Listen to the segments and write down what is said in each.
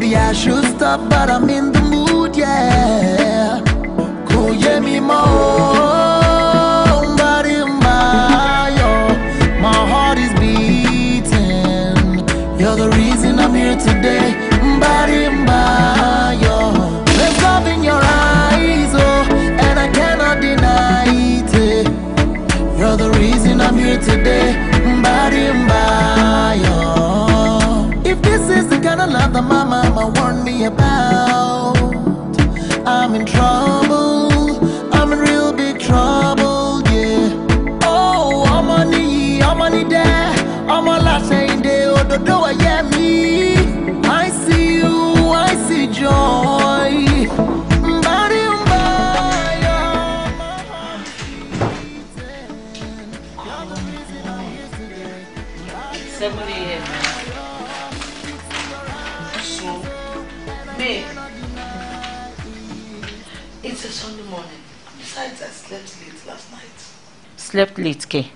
Maybe I should stop, but I'm in the mood, yeah. Go, yeah, me more. about It's a Sunday morning. Besides, I slept late last night. Slept late, Kay?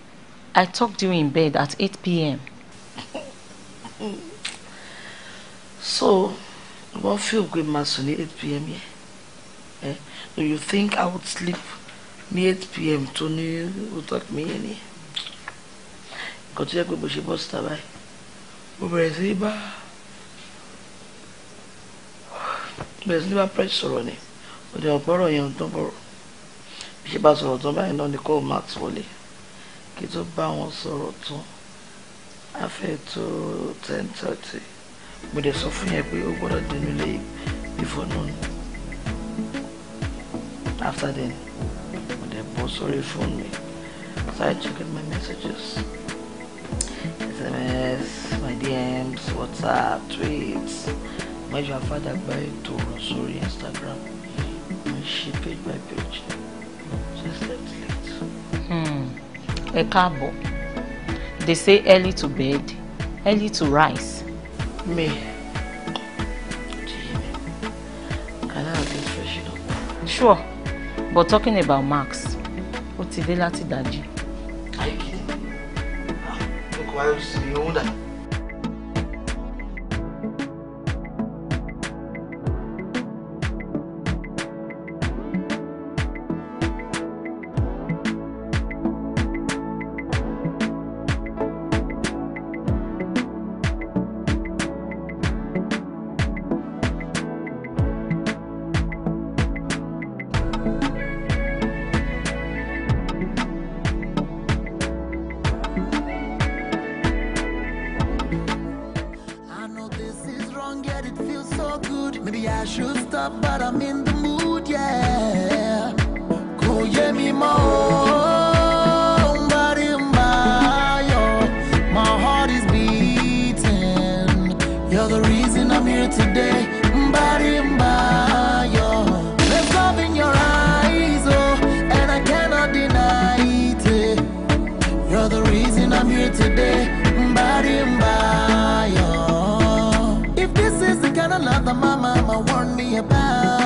I talked to you in bed at 8 p.m. so, what feel good, Mason, 8 p.m. Yeah? Eh? Do you think I would sleep me 8 p.m. to ní o talk me any? Nǹkan tó yẹ pé mo ṣe bọ́ síta báyìí. Mo bẹ̀rẹ̀ sí bá bẹ̀rẹ̀ ó dẹ̀ ọ̀pọ̀rọ̀ yẹn tó bọ̀rọ̀ bí ṣe bá sọ̀rọ̀ tán báyìí náà ni kò má tó lè kí tó bá wọn sọ̀rọ̀ tán a fẹ́ tó ten thirty mo dẹ̀ sọ fún yẹn pé ó gbọ́dọ̀ dénú lé before noon after then mo dẹ̀ bọ́ sórí fóònù mi so I checked my messages. SMS, my DMs, WhatsApp, tweets. Mẹ́jọ afádàgbà ètò ọ̀rọ̀ sórí Instagram. A hmm. she They say early to bed, early to rise. Me. Can I have this freshen up? Sure. But talking about Max, ó ti dé láti Are you kidding ah, Look, why you sitting older? but I'm in the mood, yeah. Koye mi mo, yo. My heart is beating. You're the reason I'm here today, mbarimba, yo. There's love in your eyes, oh, and I cannot deny it. You're the reason I'm here today, mbarimba, yo. If this is the kind of love that my mama wants about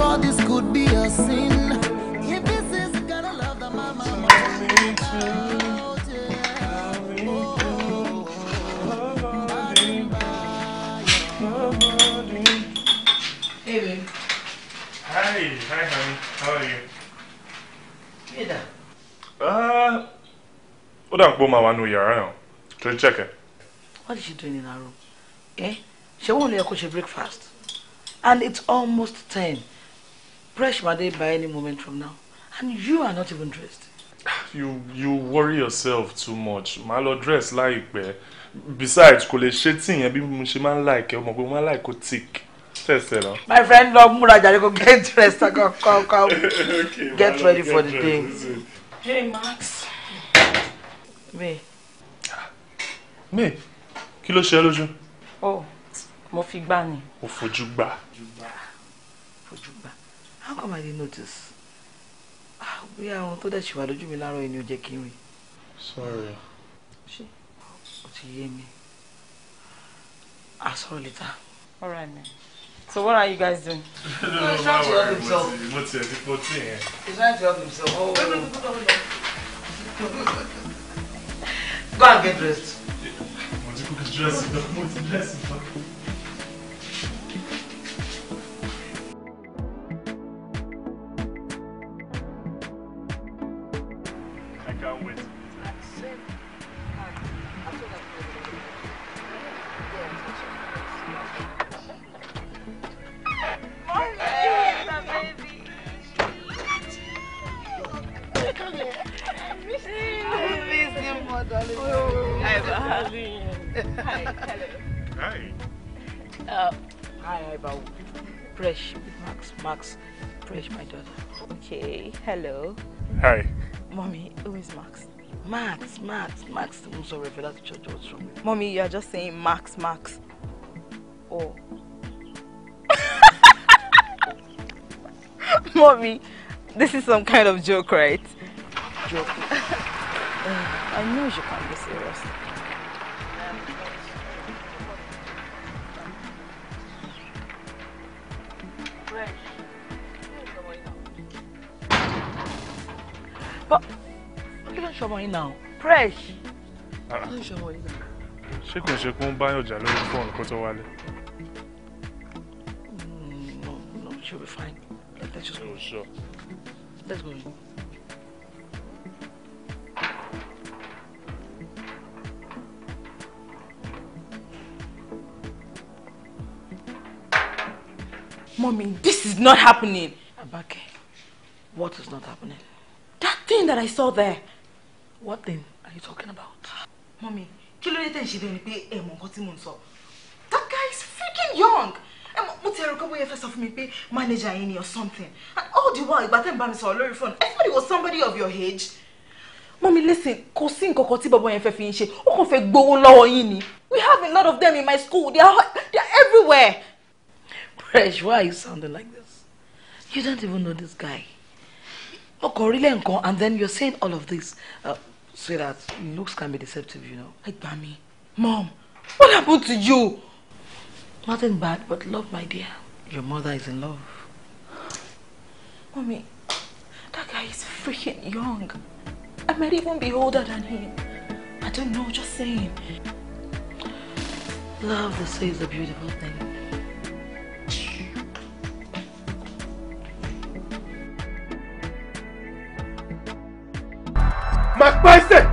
sure this could be a sin. If this is the love that my mama Hey, babe. Hi, hi, honey. How are you? Hey there. Uh, ó dà ń pọ́ máa wà nù yàrá náà tó What is she doing in her room? Eh? She wọ́n lè yẹ kó breakfast? And it's almost ten. Fresh Made by any moment from now. And you are not even dressed. You you worry yourself too much. My Lord, dress like láìpẹ́. Besides, kò shitting, ṣe be ìyẹn bí like ọmọ My mo like kó tick. Tẹ̀sẹ̀ lọ. My friend lọ múra jàre kó get dressed Come come kó get ready for the day. Hey Max. Me. Me. Kilo ló Oh, ẹ́ lójú? Oh, for fi gbá how come I didn't notice? We are on tó dẹ̀ ṣì wà lójú mi láàárọ̀ new ni ò jẹ́ kí n rí. sorry. ṣé o ti yé mi I'll later. all right man. So what are you guys doing? no, no, no, he's trying to help himself. He's trying to help himself. Oh. Wait, wait, wait, wait, wait. Go and get dressed. cook Dressing, dressing. Max? my daughter. Okay, hello. Hi. Mommy, who is Max? Max, Max, Max. I'm sorry, the church was Mommy, you are just saying Max, Max. Oh. Mommy, this is some kind of joke, right? Joke. I know you can't be serious. ṣọmọ yín náà fresh. ṣé kò ṣe kó ń báyọ̀ jà lórí fóònù kó tó wálé. Hmm, no no she'll be fine let's just go. Oh, sure. let's go. Mommy, this is not happening. Abake, what is not happening? That thing that I saw there. What then are you talking about? mommy? kí ló dé tẹ̀ ń ṣe ni pé ẹ mọ nǹkan tí mo ń That guy is freaking young! Ẹ mọ mo ti ẹ̀rọ kan bóyá fẹ́ sọ fún mi manager yẹn or something. And all the while ìgbà tẹ́ ń bá mi sọ̀rọ̀ lórí phone, Everybody was somebody of your age. Mommy, listen, kò sí nǹkan kan tí bọ̀bọ̀ yẹn fẹ́ fi ń ṣe, ó kàn fẹ́ gbowó lọ́wọ́ ni. We have a lot of them in my school, they are, they are everywhere. Fresh, why are you sounding like this? You don't even know this guy. Ọkọ̀ orílẹ̀ nǹkan and then you're saying all of this. Uh, so that looks can be deceptive, you know. Ẹ mommy, Mom, what happened to you? Nothing bad, but love, my dear. Your mother is in love. Mommy, that guy is freaking young. I might even be older than him. I don't know, just saying. Love, they say, is a beautiful thing. My pa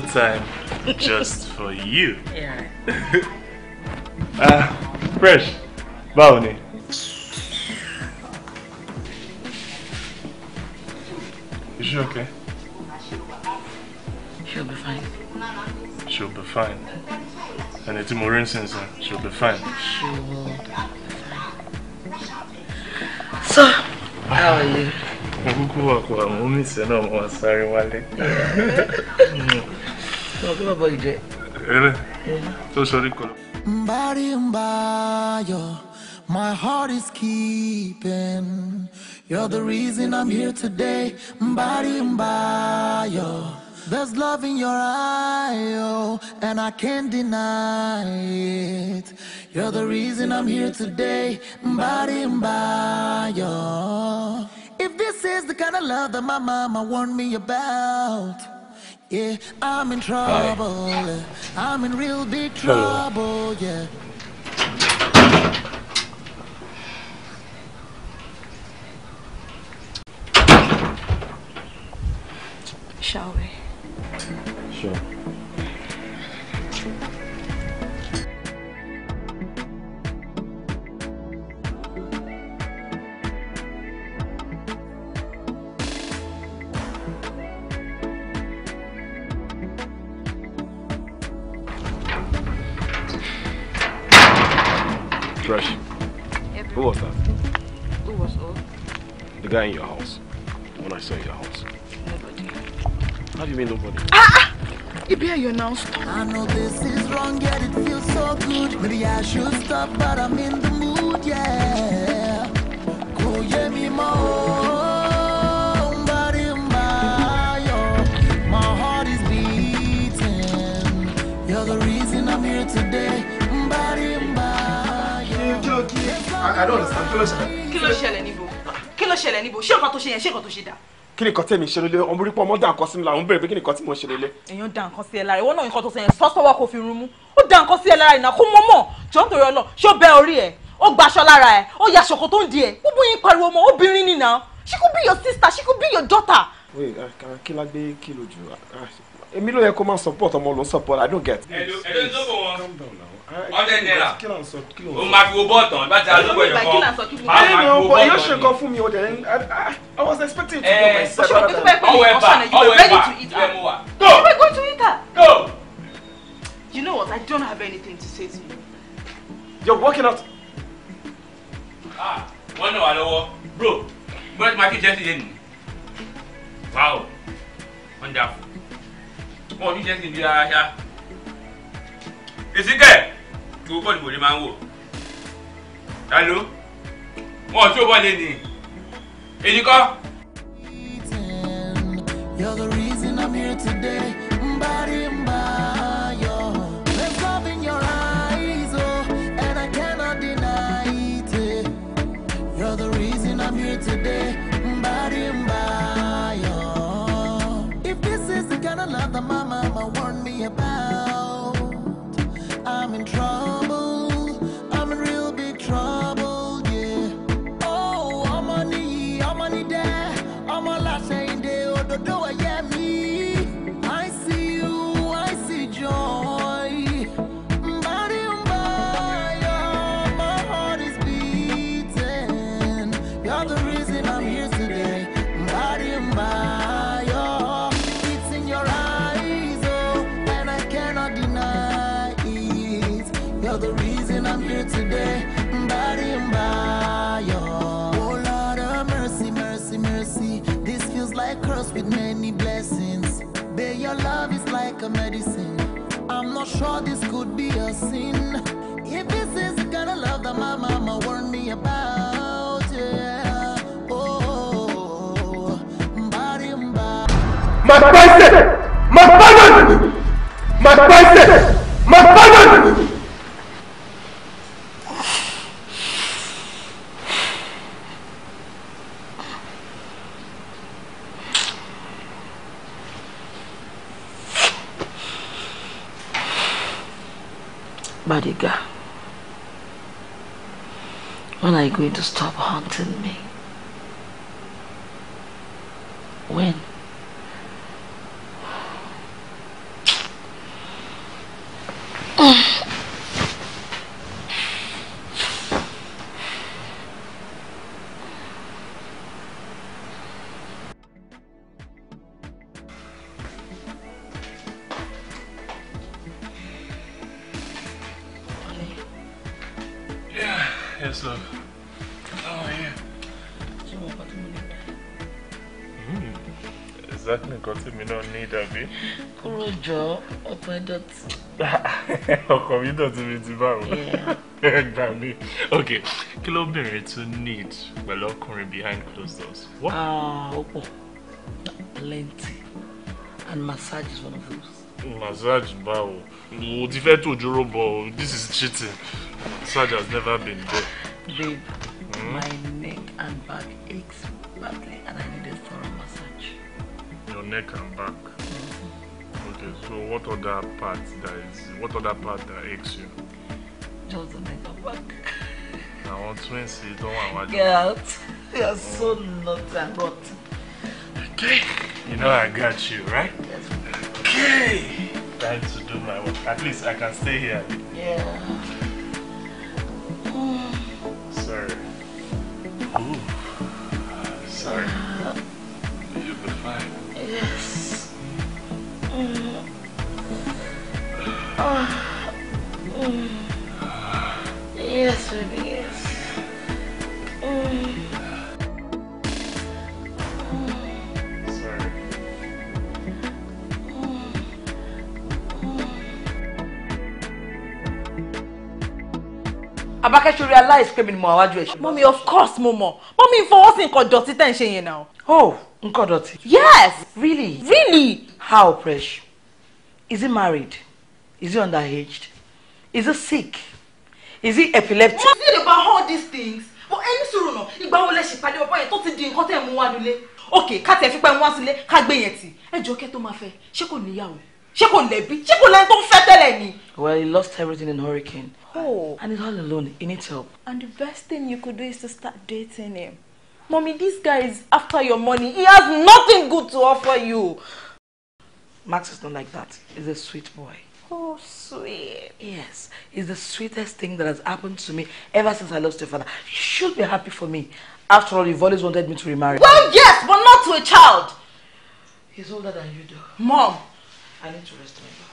the time just for you. Ah, fresh. Báwo Is she okay? She'll be fine. She'll be fine. And it's more instance, she'll be fine. She will be fine. So, how are you? I'm good. I'm only saying I'm sorry, Wale. My heart is keeping. You're the reason I'm here today. Mbari mbayo. There's love in your eye, and I can't deny it. You're the reason I'm here today. Mbari mbayo. If this is the kind of love that my mama warned me about. Yeah, I'm in trouble. Hi. I'm in real big trouble. Hello. Yeah. you now I know this is wrong, yet it feels so good. Maybe I should stop, but I'm in the mood, yeah. Kò yé mi mọ́ o, ń bá rí My heart is beating. You're the reason I'm here today. Ń bá rí I don't understand. Kí ló ṣẹlẹ̀? Kí ló ṣẹlẹ̀ níbo? Kí ló ṣẹlẹ̀ níbo? Ṣé nǹkan tó ṣe yẹn? Ṣé nǹkan tó ṣe kí ni nǹkan tí èmi ṣe lélẹ̀ ọmọ orí pọ̀ ọmọ dà nǹkan sí mi lára òun bèrè pé kí ni nǹkan tí mo ṣe lélẹ̀. èèyàn dà nǹkan sí ẹ lára ìwọ náà nǹkan tó sọ yẹn sọ sọwọ́ kò fi rún mú ó dà nǹkan sí ẹ lára ìnà kó mọ́ mọ́ jọ ń torí ọlọ ṣé ó bẹ orí ẹ ó gbaṣọ lára ẹ ó ya ṣòkò tó ń di ẹ gbogbo yín pariwo mọ obìnrin nìna she could be your sister she could be your daughter. wait uh, uh, kí a gbé kí lójú uh, èmi ló yẹ kó máa support ọmọ ló ń support i don't get. ẹ hundred naira o ma fi wo bọ́ọ̀ tán bá ti alówó ẹ̀ kan máa ma fi wo bọ́ọ̀ tán ni. I was expecting to go eh, myself. ọwọ́ ẹ̀ bá ọwọ́ ẹ̀ bá ìdílé mu wa. go go. You know what? I don't have anything to say to you. You're working out. Ah, one náà wà Bro, bọ́lá my máa kí Jesse lé nù. Wow, wonderful. Wọ́n ò ní Jesse bí ara Is it there? gbogbo bọ́ọ̀lù mo lè máa ń wò dalo wọn ò tí ò bọ́ọ̀lù ènìyàn èyí kọ́. You're the reason I'm here today. Body, sure this could be a sin. If this is the kind of love that my mama warned me about, yeah. Oh, body, body. My prices! My father! My prices! My going to stop haunting me. ọkọ mi dọ̀tí mi ti bá wọn ẹ gbà mí. need pẹ̀lú ọkùnrin behind closed doors. Ah, ó pọ̀ plenty and massage is one of those. massage báwo o ti fẹ́ tó jóró bọ̀ o this is cheating massage has never been there. babe mm? my neck and back aches badly and I need a thorough massage. your neck and back. So what other part that is what other part that aches you? Just the makeup work. I want twins, you don't want to Girl, you're so not and hot. Okay. You know I got you, right? Yes. Okay. Time to do my work. At least I can stay here. Yeah. Sorry. Ooh. Uh, sorry. You'll be fine. Yes. Mm. Yes, it is. Abákẹ́ should realize screaming mi ni mo àwájú of course Momo. Mommy, for fọwọ́ sí called dọ̀tí tension ń ṣe yẹn náà. Oh, nǹkan dọ̀tí. Yes. Really? Really? How, Presh? Is he married? Is he underaged? Is he sick? Is he epileptic? What is it about all these things. But any suru no ìgbà wo lẹ ṣì pàdé ọ̀pọ̀ yẹn tó ti di nǹkan tẹ̀ mú Okay, nílé? Ok, ká tẹ̀ fipá mú wá sílé, ká gbé yẹn tì. Ẹ jọ kẹ́ tó máa fẹ́, ṣé kò níyàwó? Ṣé kò lẹ́bí? Ṣé kò lẹ́ni tó ń fẹ́ tẹ́lẹ̀ ni? Well, he lost everything in hurricane. Oh. And he's all alone. He needs help. And the best thing you could do is to start dating him. Mommy, this guy is after your money. He has nothing good to offer you. Max is not like that. He's a sweet boy. Oh, sweet. Yes, it's the sweetest thing that has happened to me ever since I lost your father. You should be happy for me. After all, you've always wanted me to remarry. Well, yes, but not to a child. He's older than you do. Mom, I need to rest my back.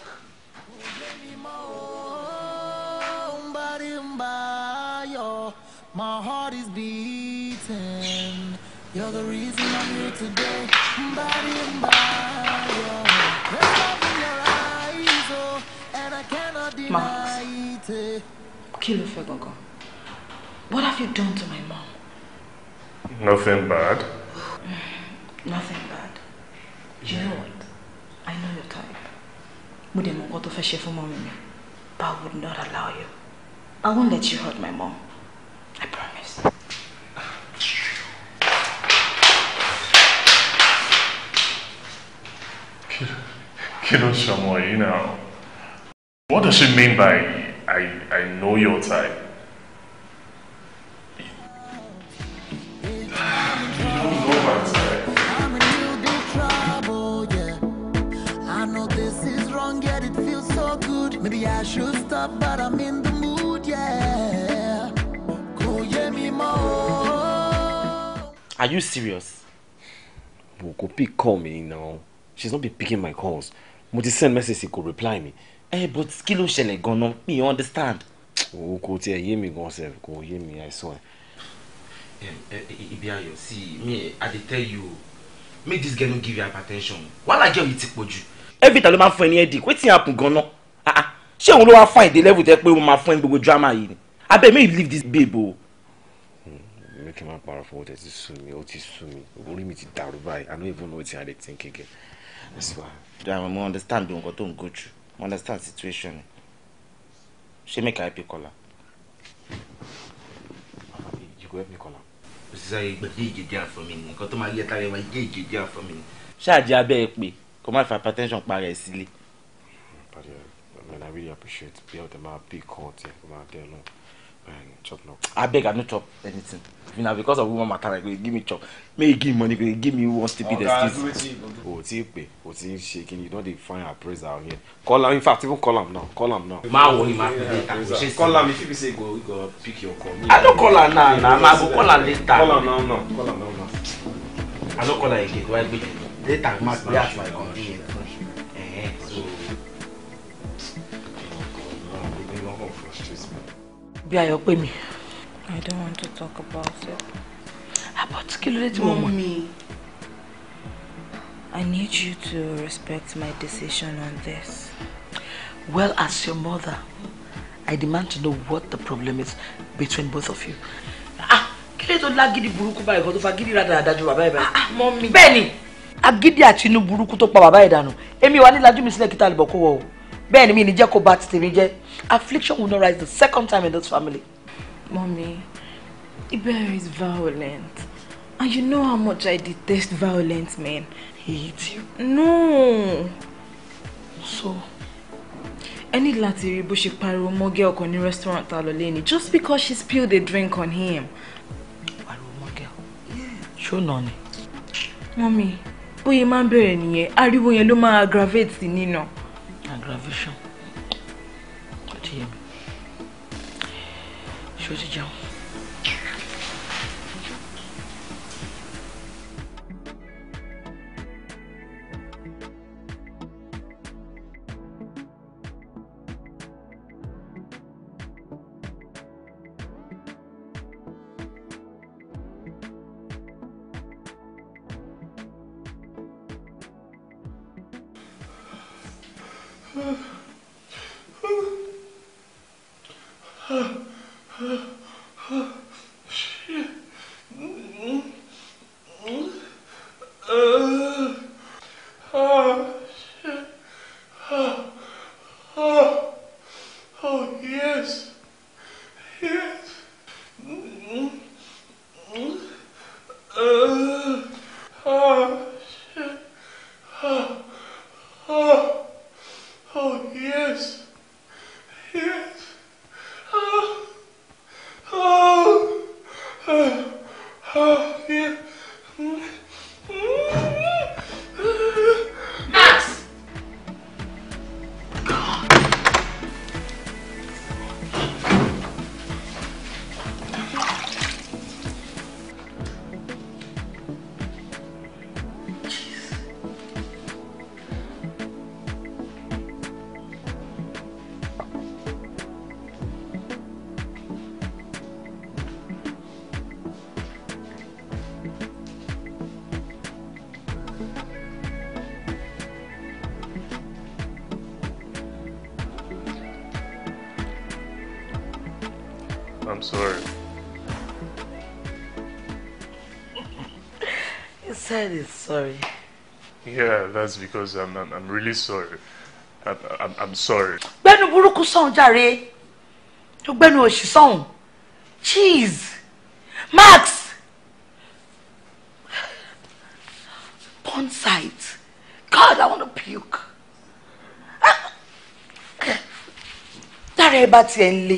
My heart is beating. You're the reason I'm here today. Max, kill the fẹ́ What have you done to my mom? Nothing bad. Nothing bad. You know what? I know your type. Mo dẹ̀ mọ̀ nǹkan tó fẹ́ But I would not allow you. I won't let you hurt my mom. I promise. Kí ló ṣọmọ you know. What does she mean by I, I know your type? Maybe I should stop, but I'm in the mood, yeah. Are you serious? Woko, pick call me now. She's not been picking my calls. Muti send message, he could reply me. ẹ eh, but kí ló ṣẹlẹ̀ gan-an mi understand. o kò tiẹ̀ yé mi gan sef kò yé mi i saw. Eh, eh, ibi ayọ̀ sí mi i dey tell you make this girl no give you hypertension wàhálà jẹ́ òye ti pọ̀ jù. every time ló máa ń fún ẹ ní headache wetin happen gan-an ah, ah. ṣé òun ló wá fún àìdè level tẹ pé ó máa fún ẹ gbogbo drama yìí ni abeg make you leave this babe o. mi kì í máa parọ́ fún ọtẹ ti sú mi ó ti sú mi orí mi ti dàrú báyìí i no even know wetin i dey think again. that's why. jaa mo understand nǹkan tó ń go through understand situation She make i help you Kola you go help me Kola. òṣìṣẹ́ ìgbẹ́jẹ́ ìjẹ́jẹ́ àfọ̀mí ni nǹkan tó máa yẹ tààrẹ wa jẹ́ ìjẹ́jẹ́ àfọ̀mí ni. ṣáàjì abẹ́ ẹ pé kó má fa hypertension para ẹ̀ sílé. padì I I really appreciate bí ọ̀dẹ̀ máa bí kàn tiẹ̀ máa dẹ̀ náà chop now. I beg, I no chop anything. You know because of woman matter, like give me chop. May you give money, give me one stupid oh, excuse. O ti pe, o ti ṣe shaking. you know dey find appraiser out here. Call am, in fact, even call am now, call am now. Ma wo ni ah, Call am if you be say go go pick your call. I don't call her now, na ma go call her later. Call am now, now, call am now, now. I don't call her again, why gbé? Later, ma be at my convenience. bí ayọ̀ pé mi. I don't want to talk about it. About kí ló dé tí mo mọ̀? I need you to respect my decision on this. Well, as your mother, I demand to know what the problem is between both of you. Ah, kí ló tó lágídí burúkú báyìí kan tó fa gídí rádà dájú bàbá ẹ̀ báyìí? Ah, ah mọ́mí. Bẹ́ẹ̀ni, agídí àti inú burúkú tó pa bàbá ẹ̀ dànù. Èmi wà ní lajú mi sílẹ̀ kí tá wọ̀ o bẹ́ẹ̀ ni mi ní jẹ́ kó bá ti tèmi jẹ́ affliction will not rise the second time in this family. Mommy, Iberia is violent and you know how much I detest violent men. He hit you? No. So? I need láti rí bó ṣe pariwo mọ́ girl kan ní restaurant ta lọ lẹ́ni just because she spilled a drink on him. Pariwo mọ́ girl? Ṣó nà ni? Mọ́mí, bóyá máa ń bẹ̀rẹ̀ nìyẹn, ariwo yẹn ló máa aggravate nínà. No aggravation ó ti yẹ mi ṣé o ti jẹun. Ah. said it's sorry. Yeah, that's because I'm I'm, I'm really sorry. I'm, I'm, I'm sorry. Gbẹ́nu burúkú sọ̀hún jare. Tó gbẹ́nu òṣì sọ̀hún. Jeez, Max. Porn site. God, I want to puke. Tára ẹ bá tiẹ̀ ń le,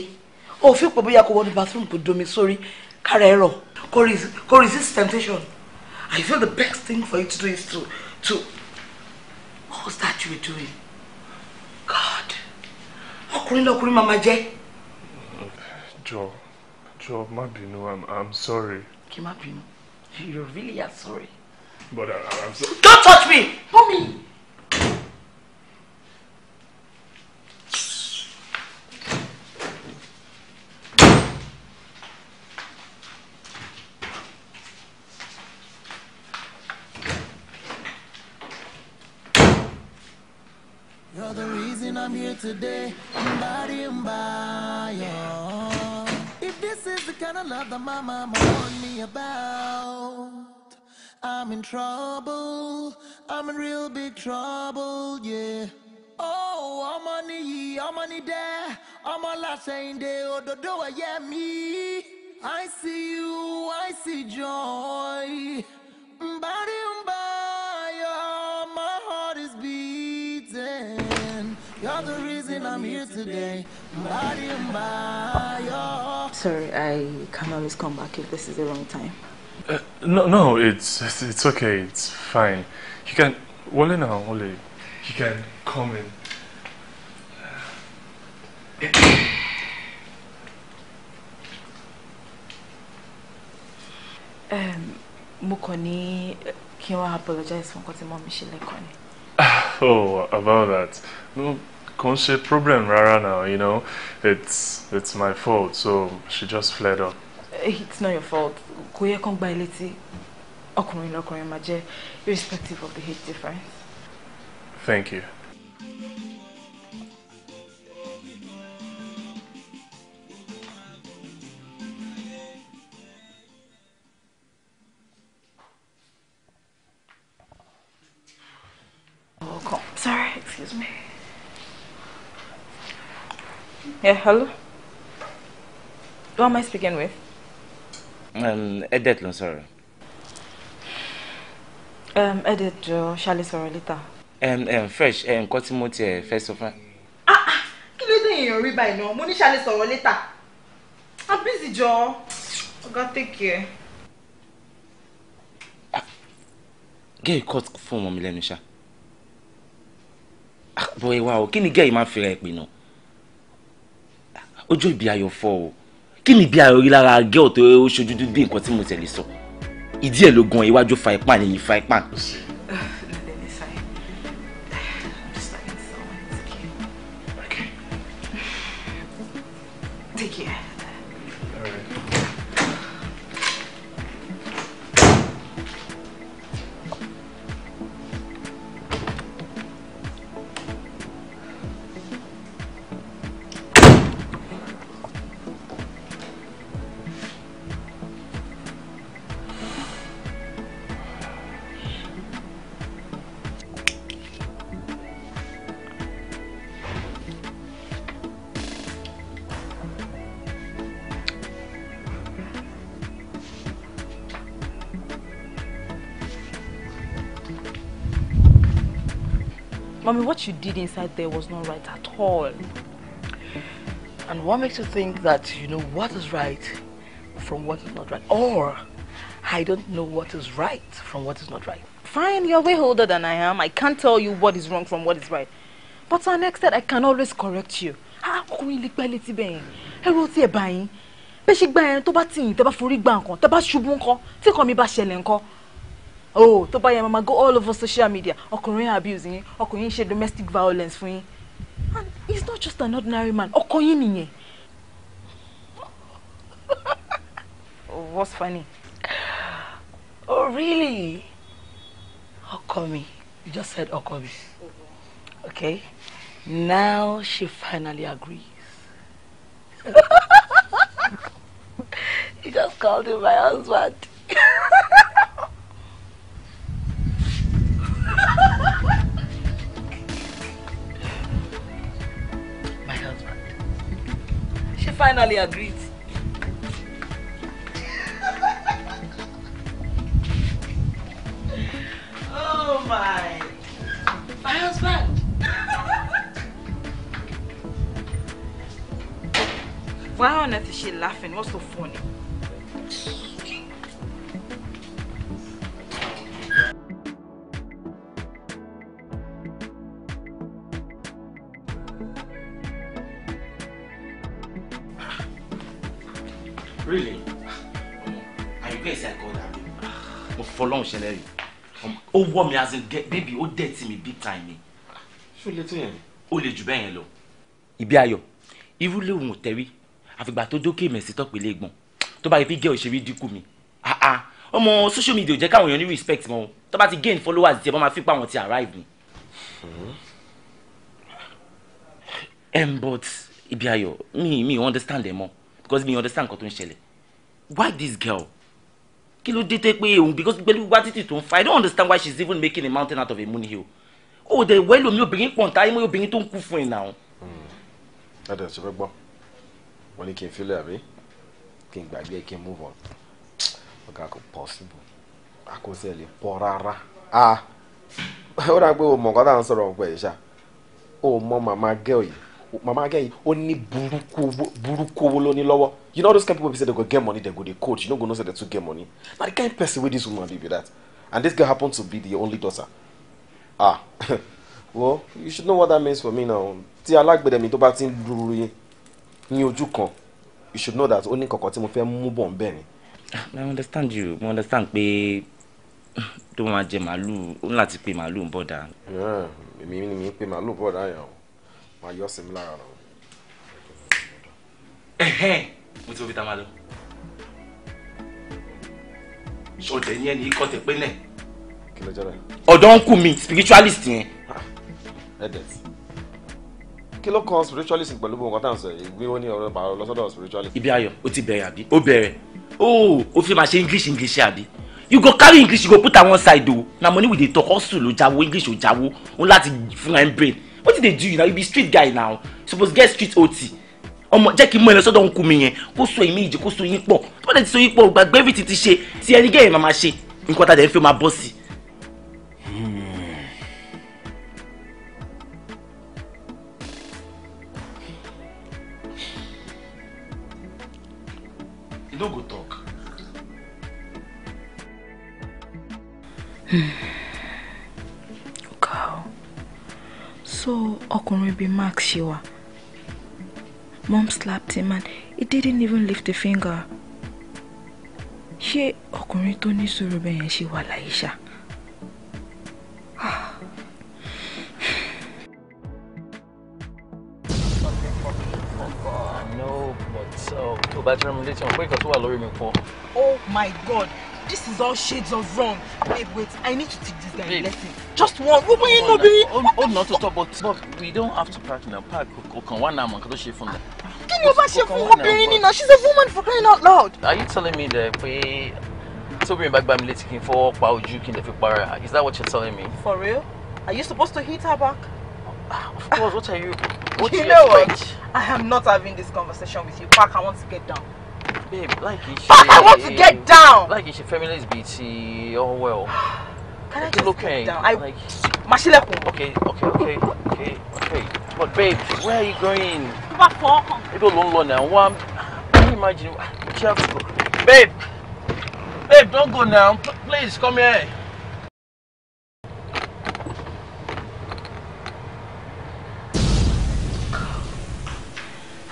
òfin pọ̀ bóyá kò wọ́n ní bathroom kò do sórí sorry. ẹ rọ̀ kò resist temptation. I feel the best thing for you to do is to, to, what was that you were doing? God, ọkùnrin lọkùnrin màmá jẹ́. Jọ, Jọ, má bínú, I'm, I'm sorry. Kí má you really are sorry. But I, I'm sorry. Don't touch me! Mommy! today. Mbari mbayo. If this is the kind of love that my mama warned me about, I'm in trouble. I'm in real big trouble, yeah. Oh, I'm on oh, the, I'm on the there. I'm on la saying day, oh, do, do, yeah, me. I see you, I see joy. Mbari reason I'm here today. Sorry, I can always come back if this is the wrong time. Uh, no, no, it's, it's, okay. It's fine. You can. Wole now, Wole. You can come in. um, mo can you uh, apologize for nǹkan tí mọ́ mi ṣe lẹ́kọ̀ọ́ ah, Oh, about that. No, kò ń problem rara now you know it's it's my fault so she just fled up. Eh, it's not your fault kò yẹ kán gba ilé tí ọkùnrin lọkùnrin máa irrespective of the age difference. thank you. Yeah, hello. Who am I speaking with? Um, Edet ló Um, Edet jọ ṣálẹ̀ sọ̀rọ̀ later. Um, um, fresh um, nǹkan tí mo tiẹ̀ fẹ́ sọ fún ẹ. Ah, ah kí ló dé èèyàn rí báyìí náà? Mo ní ṣálẹ̀ sọ̀rọ̀ later. I'm busy Joe. I gotta take care. Ah, Get cut fún ọmọ mi lẹ́nu ṣá. Ah, bọ̀ ìwà o, kí ni gẹ́ẹ̀ máa fi ra ẹ̀ pè náà? ọjọ́ ìbí ayọ̀ fọ́ o kí ni ìbí ayọ̀ rí lára gẹ́ọ̀ tó ṣojú dúdú nǹkan tí mo tẹ̀lé sọ ìdí ẹ̀ ló gan iwájú fa ipá nìyí fa ipá. Mommy, what you did inside there was not right at all. And what makes you think that you know what is right from what is not right? Or I don't know what is right from what is not right. Fine, you're way older than I am. I can't tell you what is wrong from what is right. But to an extent, I can always correct you. Ah, ọkùnrin lè gbá létí bẹ́ẹ̀ yẹn. Ẹ̀rọ tí ẹ̀ bá yín. Bẹ́ẹ̀ ṣe gbá yẹn tó bá tì yín, how bá forí gbá nǹkan, tẹ́ bá ṣubú nǹkan, tí nǹkan mi bá ṣẹlẹ̀ nǹkan oh tó bá yẹ mama go all over social media ọkùnrin abuse yín ọkùnrin ṣe domestic violence fún yín and he's not just an ordinary man ọkọ nìyẹn. oh what's funny. oh really ọkọ mi you just said ọkọ mi okay now she finally agrees. you just called him my husband. She finally agreed. oh my. My husband. Why on earth is she laughing? What's so funny? Really? Ah, I regret say I called her. Mo fọlọ́run ṣẹlẹ̀ rí. Ó wọ́ me as in baby ó dead tì mí big time ni. Ṣé o lè tó yẹn? Ó lè jù bẹ́ẹ̀ yẹn lọ. Ìbí ayọ̀, irú léwu ò tẹ́rí, àfìgbà tó dókè mẹ̀sí tọ́pẹ̀lẹ̀ gbọ̀n, tó girl she pé gẹ́ọ̀ ṣe Ah ah. Oh my social media ò jẹ́ káwọn respect mọ́ o, tó bá ti gain followers tiẹ̀ bọ́ máa fi pa àwọn ti arrive ni. Hmm. Eh, but Ìbí ayọ̀, Me me understand them mọ́ because mi understand nǹkan tó ń ṣẹlẹ̀ why this girl kí ló dé tẹ́ pé òun because pẹ̀lú wá títì tó ń fa i don't understand why she's even making a mountain out of a molehill ó dẹ̀ wẹ́ lómi obìnrin pọ̀ táyé mọ́ obìnrin tó ń kú fún ìnáwó. Hmm. ẹ̀dẹ̀ ṣe fẹ́ gbọ́ wọ́n ní kí n fílẹ̀ àbí kí n gbàgbé kí n move on ọ̀gá kò possible a kò sẹ̀ lè pọ̀ rárá ah! ó dà pé o mọ̀ nǹkan tá à ń sọ̀rọ̀ ọ̀pẹ̀ yìí ṣá o mọ màmá girl yìí mama get ó ní burúkú burúkú owó ló ní you know all those kind of people be say they go get money they go dey coach you no go know say they too get money na the kind of person wey this woman be be that and this girl happen to be the only daughter ah well you should know what that means for me now tí alágbèdè mi tó bá ti ń luru yín ní ojú kan you should know that only ní kankan tí mo fẹ́ mú bọ̀ ń ni. Ah, i understand you i understand pé tó máa jẹ màálù ó ní láti pe màálù ń bọ̀dà. èmi ni mi ń pe màálù bọ̀dà yẹn o máa yọ sí mi lára rẹ. ẹhẹn mo ti wo fi ta máa lọ ọdẹ yẹn ni ikọ tẹ pé náà ọ̀dọ̀ ń kù mi spiritualist yẹn. kí ló spiritualist pẹ̀lú gbogbo nǹkan tá à ń sọ yìí gbé wọn spiritualist. ibi ayọ̀ ó ti bẹ̀rẹ̀ àbí ó bẹ̀rẹ̀ ó fi máa english english abi. you go carry english you go put am one side o na money we dey talk hustle ló english ò jáwó òun láti brain What did they do you now you be street guy now you suppose get street ot ọmọ jẹ́ kí n mú ẹ lọ sọ́dọ̀ nkú mi yẹn kó so èmi ìjì kó so yín pọ̀ tó bá dẹ̀ ti so yín pọ̀ gbàgbé everything ti ṣe ti ẹni gẹ́yìn máa ma ṣe nǹkan tàdé ń fi máa bọ́ sí. Hmm. you no go talk. Hmm. so ọkùnrin bíi Max ṣe wà mom slapped him and he didn't even lift a finger ṣé ọkùnrin tó ní sùúrù bẹ́ẹ̀ yẹn ṣì wà láyé ṣá. Ah. Ah, uh, tó bá jẹ́ mi létí wọn pé ìkan tó wà lórí mi pọ̀. oh my god This is all shades of wrong. Babe, wait, I need to teach this guy a lesson. Just one. Hold on, hold, hold not to talk, but, but we don't have to pack now. Pack, okay, one now, man, because she from Can you ni o bá ṣe fún She's a woman for crying out loud. Are you telling me that pé tóbìnrin bá back by létí kí n fọwọ́ pa the kí Is that what you're telling me? For real? Are you supposed to hit her back? Ah, of course, what are you? What you do you know expect? what? I am not having this conversation with you. Park. I want to get down. Babe, like it's. Fuck! I want to get down. Like it's feminist BT. Oh well. Can I just okay. get down? I like. Mashilekun. Okay, okay, okay, okay, okay. But babe, where are you going? People don't know now. One. Can you imagine? You have to go. Babe. Babe, don't go now. Please come here.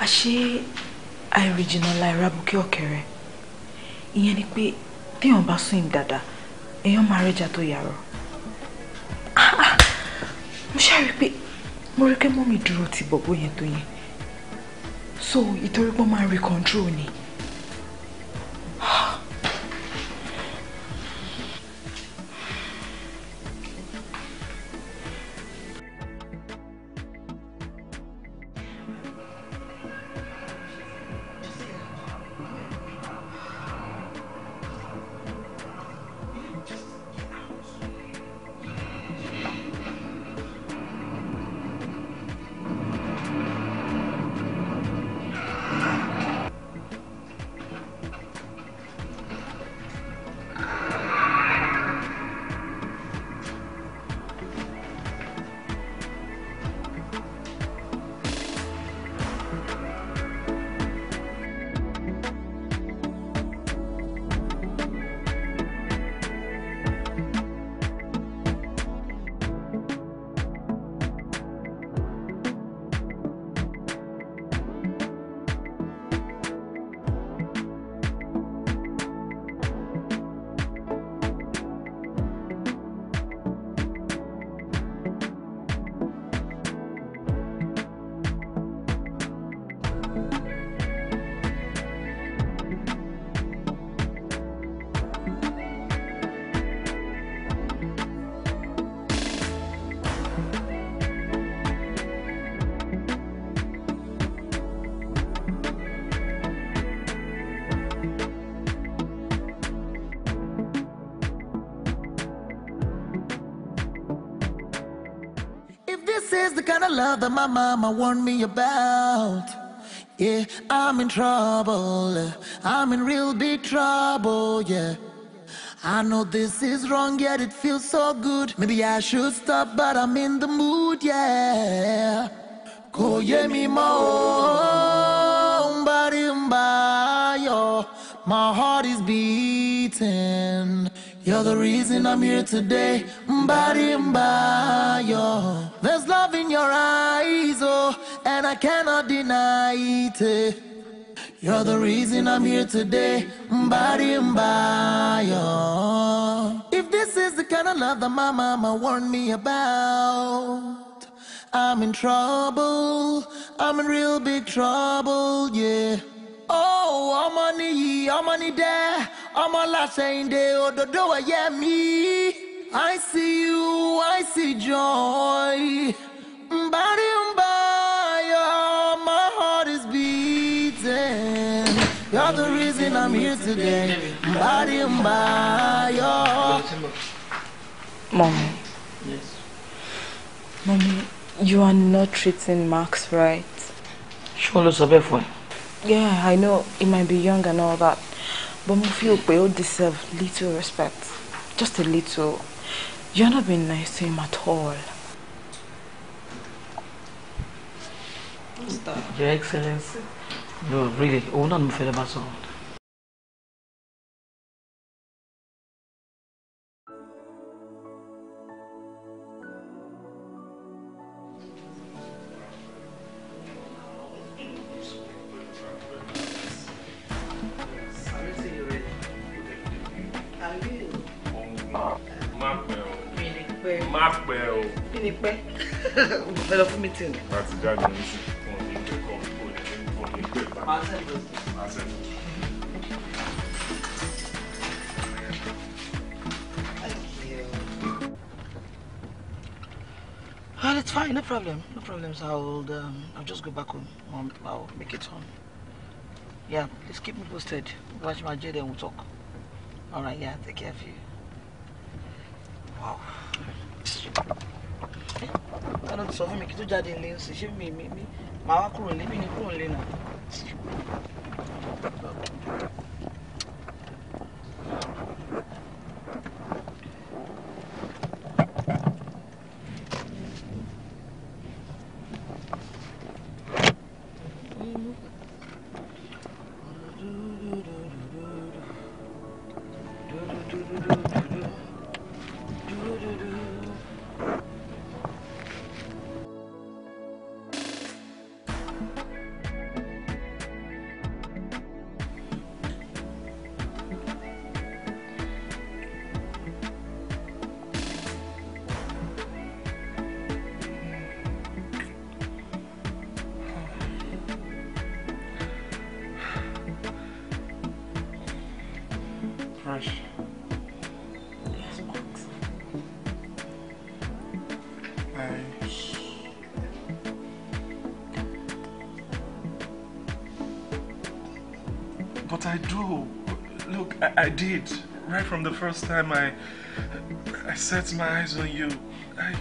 Àṣé àìríjìnà láìra bùkẹ́ ọ̀kẹ́rẹ́ ìyẹn ni pé téèyàn bá sún ìmú dáadáa èèyàn máa rẹ́jà tó yàrá ah, ah. mo ṣàrí pé mo rí pé mọ́mì dúró ti bọ̀bọ́ yẹn tó yẹn so ìtorí pé ó máa rí control ni. kind of love that my mama warned me about. Yeah, I'm in trouble. I'm in real big trouble, yeah. I know this is wrong, yet it feels so good. Maybe I should stop, but I'm in the mood, yeah. My heart is beating. You're the reason I'm here today. Mbadi mbayo. There's love in your eyes, oh, and I cannot deny it. You're the reason I'm here today. Mbadi mbayo. If this is the kind of love that my mama warned me about, I'm in trouble. I'm in real big trouble, yeah. ó oh, ọmọ nìyí ọmọ ní dẹ́ ọmọ làṣẹyìndé òdòdó ẹ̀yẹ mi i see you i see joy mbari mbayo my heart is beating you're the reason i'm here today mbari mbayo. Mommy. Yes. Mommy, you are not treating Max right. Ṣé o ló sọ bẹ́ẹ̀ fún ẹ? Yeah, I know he might be young and all that, but I feel we all deserve little respect, just a little. You're not being nice to him at all. Your Excellency, no, really, we're not. ni mo fẹ́ problems, I'll um, I'll just go back home. Um, I'll make it home. Yeah, please keep me posted. Watch my jet and we'll talk. All right, yeah, take care of you. Wow. I don't know fún mi kí it jáde ilé ó sì ṣé mi mi mi màá wá kúrò nílé mi ní kúrò fresh. But I do. Look, I, I, did. Right from the first time I I set my eyes on you. I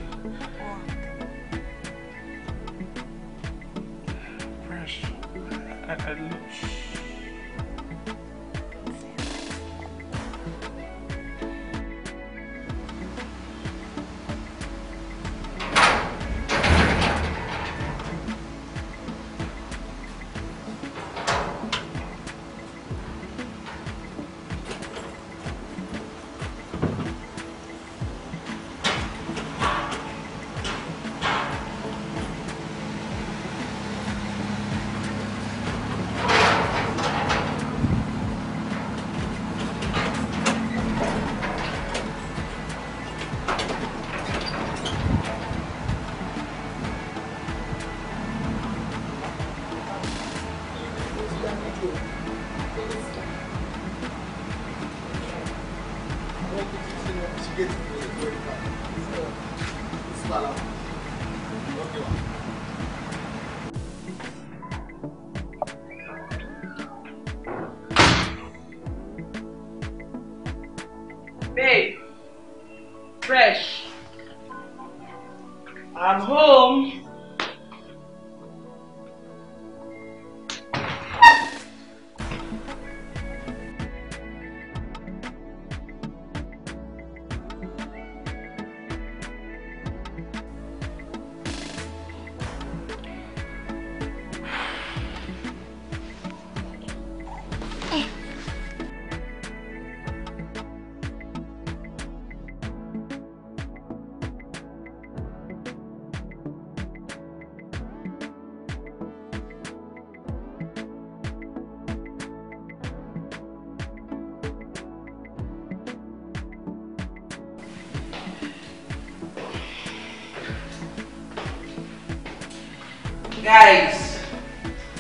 Guys,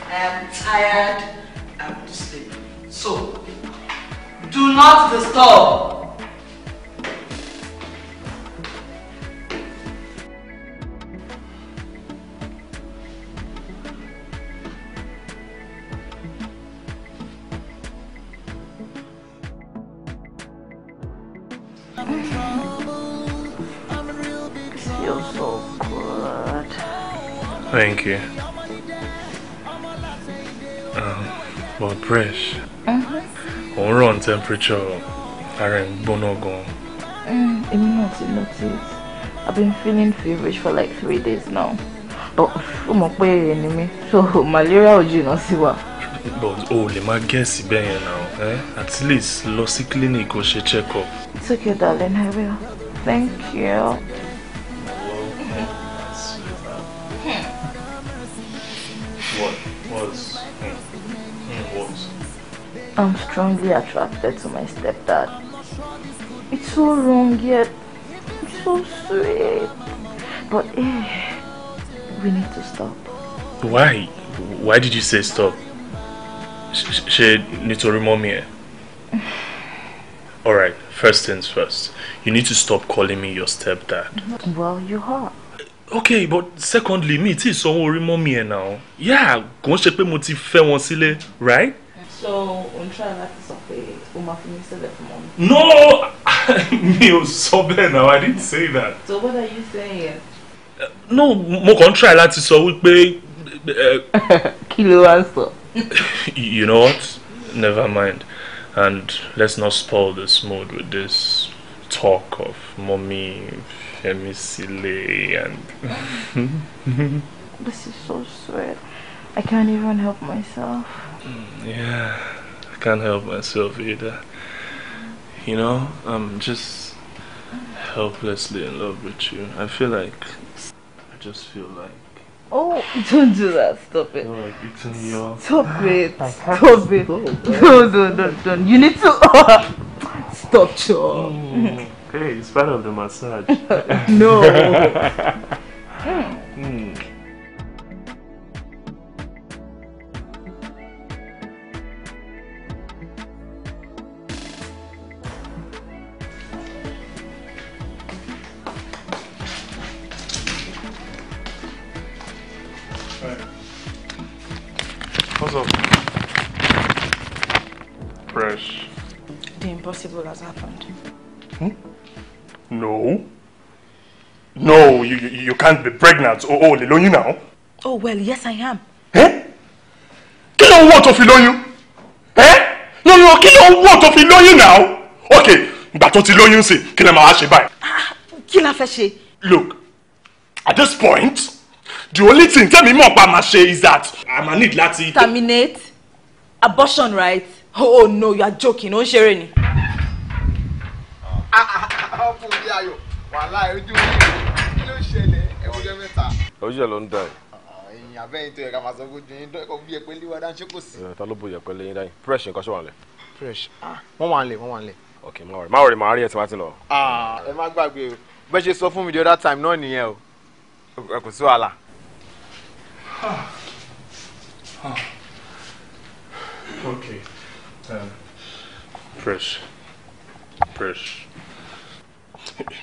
I am tired. I want to sleep. So, do not disturb. temperature ara ń gbóná gan. not mm, náà ti notice I've been feeling feverish for like three days now but I'm mọ̀ pé èrè so malaria ò jìnnà sí wa. but o lè máa gẹ̀ẹ́sì bẹ́ẹ̀ yẹn náà eh? at least lọ sí clinic or she check up. it's okay darling I will thank you. I'm strongly attracted to my stepdad. It's so wrong yet it's so sweet. But eh, we need to stop. Why? Why did you say stop? She need to remind me. All right. First things first. You need to stop calling me your stepdad. Well, you are. Okay, but secondly, me ti sanwó orí mọ́ mi ẹ̀ Yeah, kò ń ṣe pé mo ti right? So, òun try láti sọ pé o máa fi mí sílẹ̀ fún No! Mi ò sọ bad now, I didn't say that. So what are you saying? Uh, no, more kàn that is sọ wípé. Uh, Kí ló answer. You know what? Never mind. And let's not spoil this mood with this talk of mommy, Femi Sile, and. This is so sweet. I can't even help myself. Yeah, I can't help myself either. You know, I'm just helplessly in love with you. I feel like, I just feel like. Oh, don't do that. Stop it. Like it's your... Stop it. Stop it. No, no, no, no. You need to. Stop, mm. sure. Hey, it's part of the massage. no. Hmm. Because of Fresh. The impossible has happened. Hmm? No. No, you, you, you can't be pregnant. Oh, oh, lè now. Oh, well, yes, I am. Eh? Kill ló ń wò tó Eh? No, no, Kill ló ń wò tó now? Okay, but what ti lóyún sí, kí lẹ máa ṣe báyìí? Ah, kí la fẹ́ Look, at this point, the only thing tẹ́mi mọ̀ pa máa ṣe is that I'm a need láti. terminate abortion right oh, oh no you are joking ó ń ṣeré ni. ọmọ mi ayọ̀ wàhálà ojú mi ló ṣẹlẹ̀ ẹ̀wọ̀jọ́ mẹ́ta. ojú ẹ̀ ló ń dán ẹ̀. ẹ̀yin abẹ́yìn tó yẹ ká máa sọ fojú yín dọ́kọ̀ bí yẹpẹ́ lé wa dá ṣé kò sí. ta ló bo yẹpẹ́ lé yín fresh nǹkan ṣé wà lẹ̀. fresh ah, wọ́n wà ń lẹ̀ wọ́n wà ń lẹ̀. ok má wọrí má wọrí màá rí ẹ tí wàá ti lọ. Ah, ẹ má gbàgbé o bẹ́ẹ̀ ṣe sọ fún mi the other time náà nìyẹn o ẹ kò sí wàhálà Ah. Ah. Okay. Um, Chris, Chris.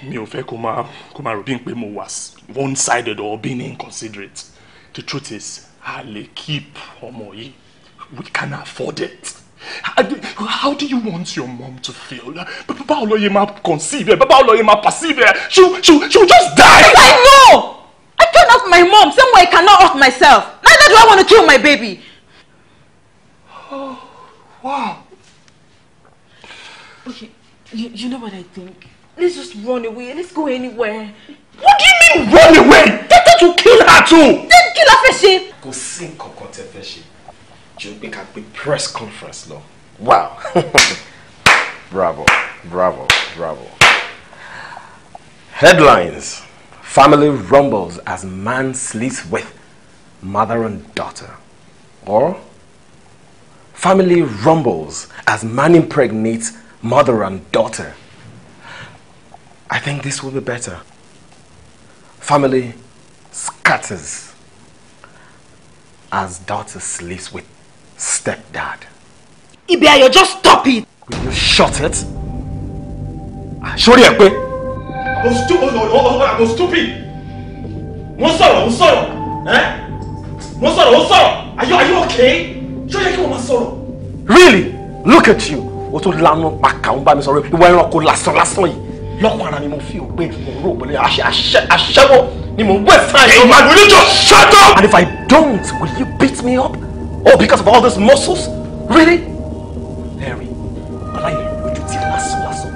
Mi ò fẹ́ kó máa kó máa rò bí n pé mo wà one sided or being inconsiderate. The truth is, a lè keep ọmọ yìí. We can afford it. How do you want your mom to feel? Bàbá ọlọ́yẹ̀ ma conceive ẹ̀, bàbá ọlọ́yẹ̀ máa perceive ẹ̀. she she she'll just die. I know can't off my mom, same way I cannot off myself. Neither do I want to kill my baby. Oh, wow. Okay, you, you know what I think? Let's just run away. Let's go anywhere. What do you mean run away? Get her to kill her too. Then kill her first. Go eh? sí nǹkan kan tẹ́ fẹ́ ṣe. Jẹ́ press conference lọ. Wow. bravo, bravo, bravo. Headlines. Family rumbles as man sleeps with mother and daughter. Or family rumbles as man impregnates mother and daughter. I think this will be better. Family scatters as daughter sleeps with stepdad. you just stop it! Will you shut it? Ah, Show the mo stu mo oh, oh, oh, sọ̀rọ̀ mo stupid mo sọ̀rọ̀ mo eh? sọ̀rọ̀ ẹ́ mo sọ̀rọ̀ mo sọ̀rọ̀ are you are you okay ṣé ó yẹ kí wọ́n máa sọ̀rọ̀. really look at you o tún lanu pàkà ń bá mi sọ̀rọ̀ ìwọ ẹranko lásán lásán yìí lọ́kàn ara mi mo fi òpin mo rò pẹ̀lú aṣẹ́wó ni mo wẹ̀ fún àyè. man will you just shut up. and if I don't will you beat me up oh because of all these muscles really. Larry aláyẹ̀ lójú ti lásán lásán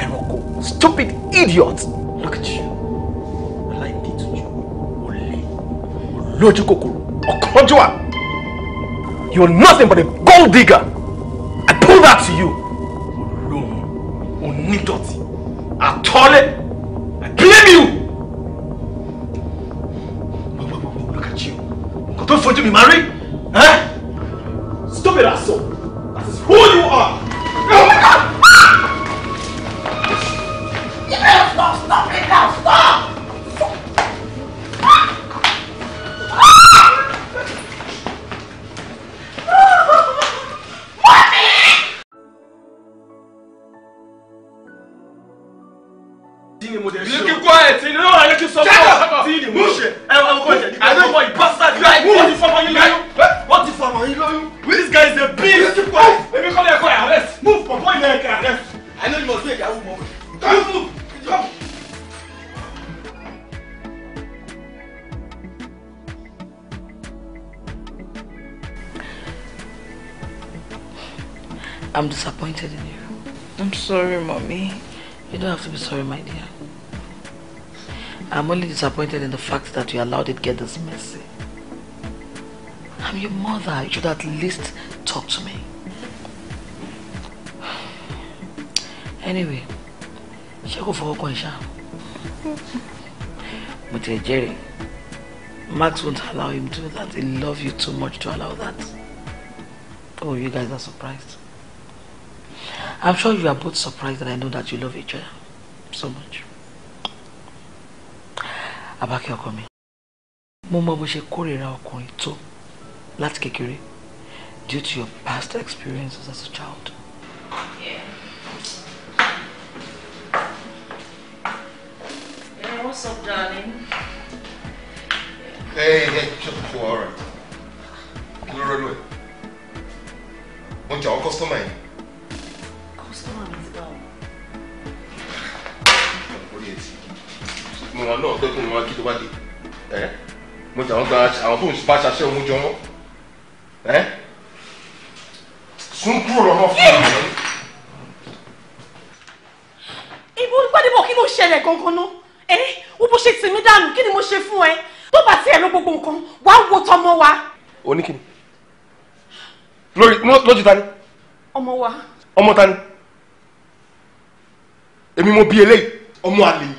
ẹranko stupid idiot. Look at you. Aláìdètò jù, olè, only. kòkòrò, ọ̀kánjúwà. You're nothing but a gold digger. I pull that to you. Olóhùn, onídọ̀tí, àtọ́lẹ̀, I blame you. Look at you. Don't forget fojú mi máa rí. Stop it, asshole. That is who you are. is a beast. keep quiet. èmi kọ́ lẹ́ẹ̀kọ́ yà arrest. move pọ̀pọ̀ ilẹ̀ ẹ̀ka arrest. I know you must make yahoo mọ̀. come move come. I'm disappointed in you. I'm sorry, mommy. You don't have to be sorry, my dear. I'm only disappointed in the fact that you allowed it to get this messy. I'm your mother. You should at least talk to me. Anyway, ṣé go for a ìṣá? But tiẹ̀ jẹ́rìí. Max won't allow him to do that. He loves you too much to allow that. Oh, you guys are surprised. I'm sure you are both surprised that I know that you love each other so much. coming. ọkọ mi, mo mọ bó ṣe kórìíra ọkùnrin let's get kékeré due to your past experiences as a child. Yeah. Hey, what's up, darling? Hey, hey, just for all right. ló rẹ́lú ẹ̀? Mo ń customer? wọ́n kọ́sítọ́mà yìí. Kọ́sítọ́mà mi ti bá wọn. Orí etí. Mo wà náà dọ́kun mi wá kí tó bá dé. Mo jà wọ́n gba àwọn tó ń bá ṣaṣẹ́ òun jọ sún kúrò lọ́nà fún mi. ibo gbadebo kí ló ṣẹlẹ̀ gangan náà ẹ eh, o bó ṣe tì mí dànù kí ni mo ṣe fún ẹ tó bá tiẹ̀ ló gbogbo nǹkan wà á wo tọmọ wa. oníkìní lórí lójú ta ni. ọmọ wa. ọmọ ta ni èmi mo bí eléyìí ọmọ àlè yìí.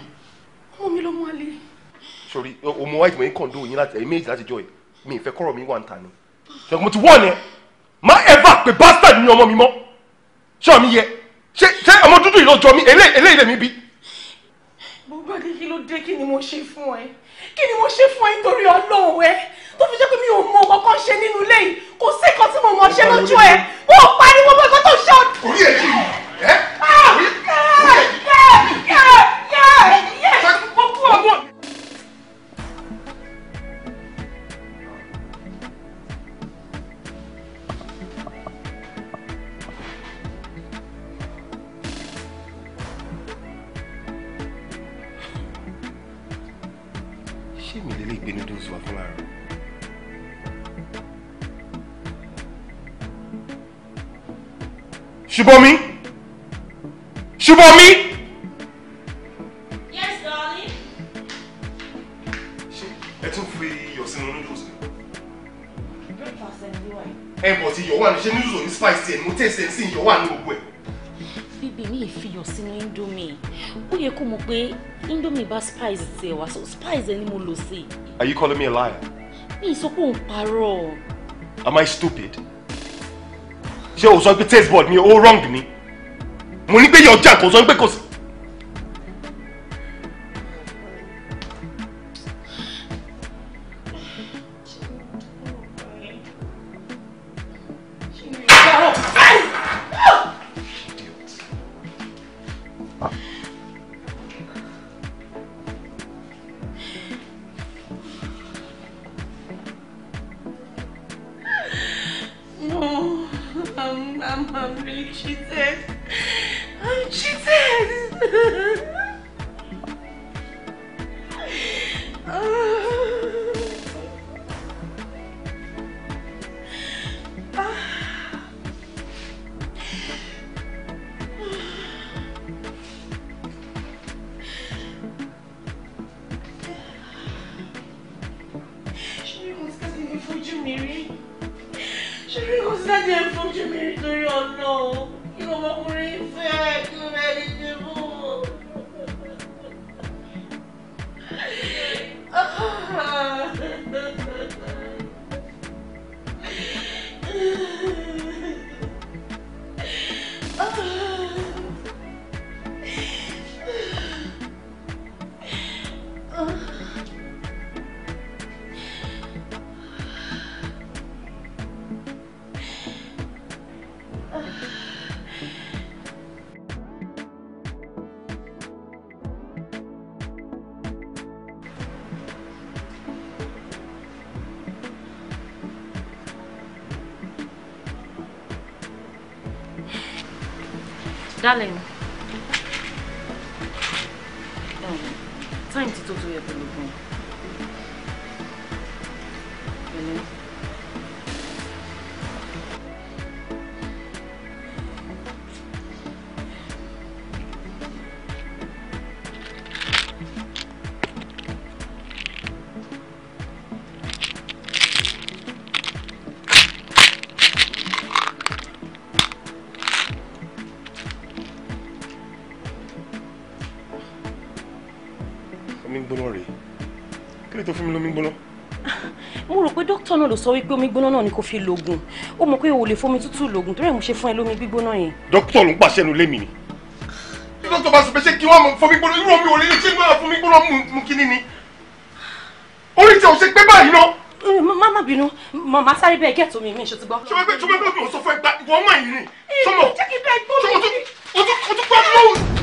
ọmọ mi ló mú àlè. sori ọmọ wa ìgbìmọ̀ yín kàn dó yín láti ẹ̀yìn méjì láti jọ yìí mi ìfẹ́ kọ́rọ̀ mi wà ń ta ni ṣùgbọ́n mo ti wọ́n ni má ẹ̀fà pé bastard ni ọmọ mi mọ́ ṣé ọmọ mi yẹ ṣé ṣé ọmọ dúdú yìí ló jọ mí eléyìí lèmi bí. bùbá kí kí ló dé kí ni mo ṣe fún ẹ kí ni mo ṣe fún ẹ nítorí ọlọ́run ẹ tó fi jẹ́ pé mi ò mọ kankan ṣe nínú ilé yìí kò sí nǹkan tí mo mọ̀ ṣe lójú ẹ ó pariwo pé kó tó ṣe ọdún. orí ẹ jì ẹ. Ah! She Ṣùbọ̀mí. Yes, darling. Ṣé ẹ tún fi iyọ̀ sínú noodles ni? Breakfast ẹ̀ ní wáyé. Hey, but tí iyọ̀ wà ní ṣé noodles ò ní spice ẹ̀ mo tẹ̀sí ẹ̀ sí iyọ̀ wà ní gbogbo ẹ̀. Bíbí mi ìfiyọ̀ sínú Indomie. Ó you come, mọ̀ pé Indomie bas spice tiẹ̀ wá so spice ẹ̀ ni mo lò Are you calling me a liar? Me ì sọ paro. Am I stupid? ṣé o sọ pé taste board ni o wrong ni mo ní pé yọjà kò sọ pé kò sí I'm, I'm really cheated. I'm cheated. musicales. tó fún mi lómi gbóná. mo rò pé dókítà náà ló sọ wípé omi gbóná náà ni kò fi lògùn ó mọ̀ pé o lè fomi tútù lògùn torí ẹ̀ mo ṣe fún ẹ lómi gbígbóná yẹn. dókítà ló ń pàṣẹ nu lémi ni. dókítà bá sọ pé ṣé kí wọ́n fomi gbóná irú omi ò lè ṣe máa fomi gbóná mu kí ni ni. orí tí o ṣe pé báyìí náà. má má bínú màmá sáré bẹ́ẹ̀ gẹ̀ẹ́tì omi mi ṣe ti gbọ́. ṣọwọ́ pé ṣọwọ́ pé o sọ fún ẹ gbà wọ́n mọ̀ yìí ni. ṣọmọ ṣọmọ o tún gbàdúrà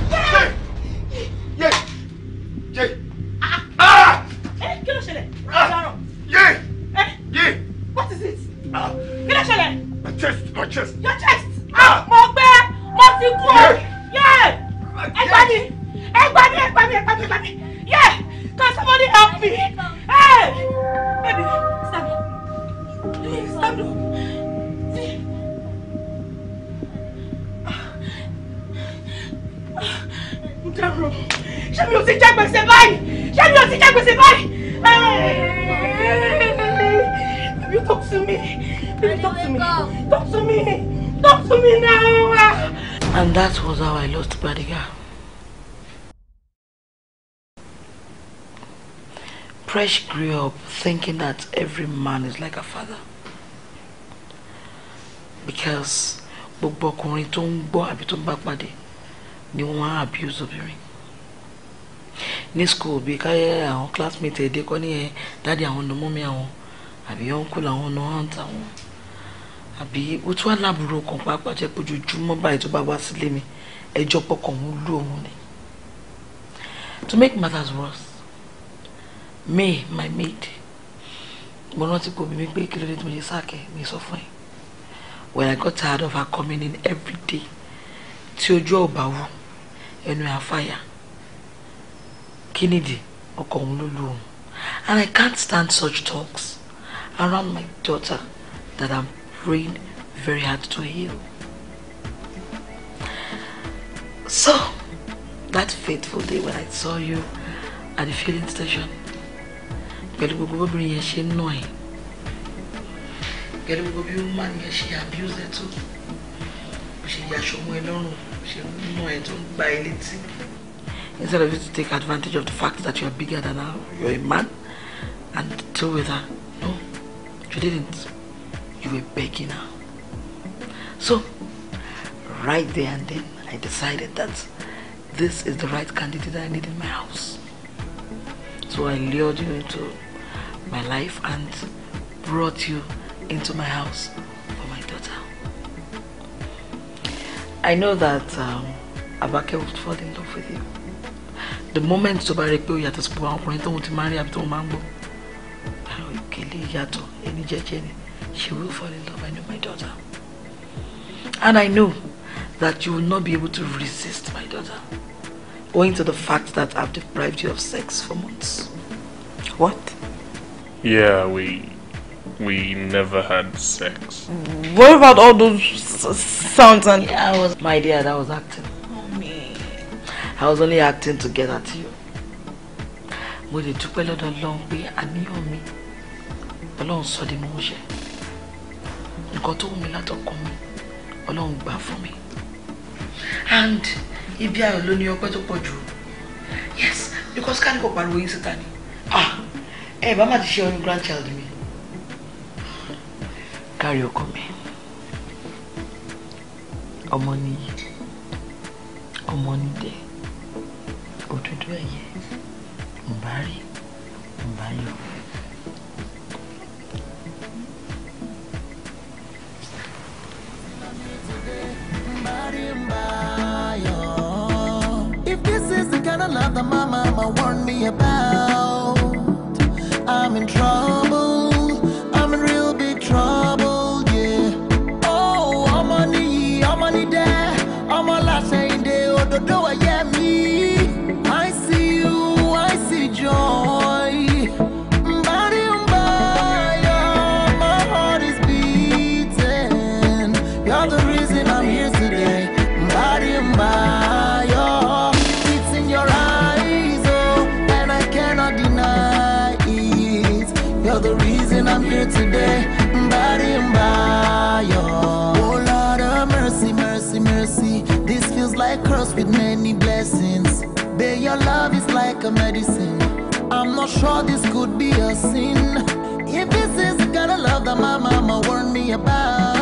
thinking that every man is like a father because gbogbo ọkùnrin tó ń gbọ́ àbí tó ń bá pàdé ni wọ́n á abuse obìnrin ní school bíi káyé àwọn classmate èdè kọ́ níyẹn dáàdi àwọn ọ̀nà mọ́mí àwọn àbí uncle àwọn ọ̀nà aunt àwọn àbí ó tún aláàbúrò kan pàápàá jẹ́ pé ojoojúmọ́ báyìí tó bá wá sílé mi ẹjọ́ pọkàn òun lù òun ni to make matters worse may my mate mo rántí kò bí mi pé kí ló dé tí mo ṣe sáàkẹ́ mi sọ fún ẹ when I got tired of her coming in every day tí ojú ọba wù ẹnu ẹ̀ àfàyà kí nìdí ọkọ òun ló lu òun and I can't stand such talks around my daughter that I'm praying very hard to heal. So, that fateful day when I saw you at the filling station pẹ̀lú gbogbo obìnrin yẹn ṣe ń nà ẹ̀ pẹ̀lú gbogbo bí woman yẹn ṣe abuse ẹ̀ bó ṣe yaṣọ mọ́ ẹ lọ́rùn ṣe ń nà ẹ̀ tó ń gba ẹ létí. Instead of you to take advantage of the fact that you are bigger than her, you are a man and deal with her, no, you didn't. You were begging her. So, right there and then, I decided that this is the right candidate I need in my house. So I lured you into my life and brought you into my house for my daughter. I know that um, Abake would fall in love with you. The moment tó bá rí pé ó yàtọ̀ sí gbogbo àwọn ọkùnrin tóun ti máa ń rí àbí tóun she will fall in love I know my daughter. And I know that you will not be able to resist my daughter owing to the fact that I've deprived you of sex for months. What? Yeah, we we never had sex. What about all those sounds and? Yeah, I was my dear. That was acting. Oh me, I was only acting to get at you. But Mo lè dúpẹ́ lọ́dọ̀ Ọlọ́run pé àníyàn mi Ọlọ́run sọ di mò ń ṣe. Nǹkan tó wù me. látọkàn mi Ọlọ́run gbà for me. And if ibi ayọ̀ ló ní going to pọ̀ jù. Yes, because kárí kò pariwo yín síta ni. Ah! ẹ bá má ti ṣe your grandchild mi. kárí ọkọ mi ọmọ nìyí ọmọ nídẹ òdúdú ẹyẹ mbàárì mbàáyọ. If this is the kind of love that my mama warned me about I'm in trouble. sure this could be a sin. If this is the kind of love that my mama warned me about.